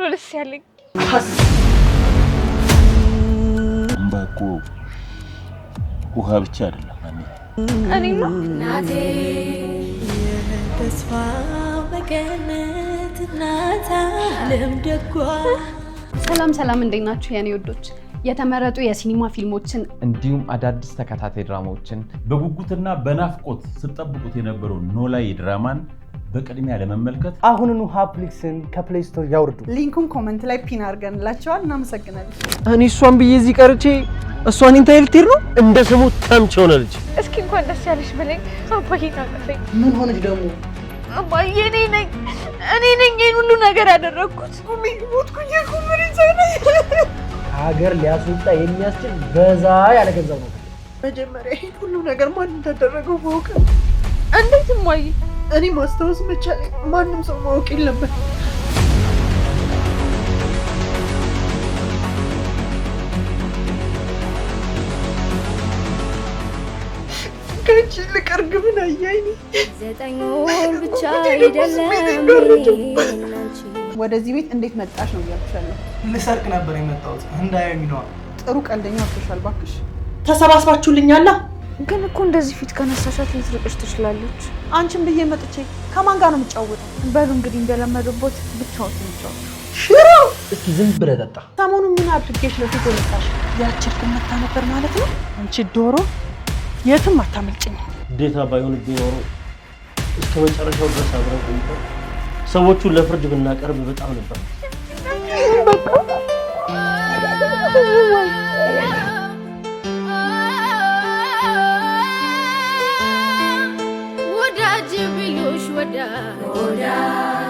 ነው ደስ ያለኝ። እምባ ውሃ ብቻ አይደለም። እኔማ እናቴ ተስፋ በገነት ለምደጓ ሰላም ሰላም፣ እንዴት ናችሁ የኔ ወዶች? የተመረጡ የሲኒማ ፊልሞችን እንዲሁም አዳዲስ ተከታታይ ድራማዎችን በጉጉትና በናፍቆት ስጠብቁት የነበረው ኖላዊ ድራማን በቅድሚያ ለመመልከት አሁንኑ ሀፕሊክስን ከፕሌይ ስቶር ያውርዱ። ሊንኩን ኮመንት ላይ ፒን አድርገንላቸዋል። እናመሰግናለን። እኔ እሷን ብዬ እዚህ ቀርቼ እሷን ኢንታይልቲር ነው እንደ ስሙ ተምች ሆነ ልጅ። እስኪ እንኳን ደስ ያለሽ ብለኝ አባዬ ታቀፈኝ። ምን ሆነች ደግሞ? አባዬ እኔ ነኝ እኔ ነኝ ይህን ሁሉ ነገር ያደረግኩት። ቁሚ ሞትኩኝ። ቁምሪ ሀገር ሊያስወጣ የሚያስችል በዛ ያለ ገንዘብ ነው። መጀመሪያ ይህን ሁሉ ነገር ማን እንዳደረገው ማወቅ እንዴት ማየ እኔ ማስታወስ መቻል ማንም ሰው ማወቅ የለበት። ከእጅ ይልቅ እርግብን አያይኒ ወደዚህ ቤት እንዴት መጣሽ ነው እያልኩሻለሁ። ልሰርቅ ነበር የመጣሁት። እንዳያ የሚለዋል ጥሩ ቀልደኛ አቶሻል። እባክሽ ተሰባስባችሁልኛላ ግን እኮ እንደዚህ ፊት ከነሳሻት ልትርቅሽ ትችላለች። አንቺን ብዬ መጥቼ ከማን ጋር ነው የምጫወተው? በሉ እንግዲህ እንደለመዱበት ብቻዎት ትንጫወት። ሽሮ እስኪ ዝም ብለህ ጠጣ። ሰሞኑን ምን አድርጌሽ ነው ፊት የመጣሽ? ያችርክን መታ ነበር ማለት ነው። አንቺ ዶሮ የትም አታመልጭኝ። ግዴታ ባይሆንብኝ ቢኖሩ እስከ መጨረሻው ድረስ አብረን ቆይተን ሰዎቹን ለፍርድ ብናቀርብ በጣም ነበር воля, воля.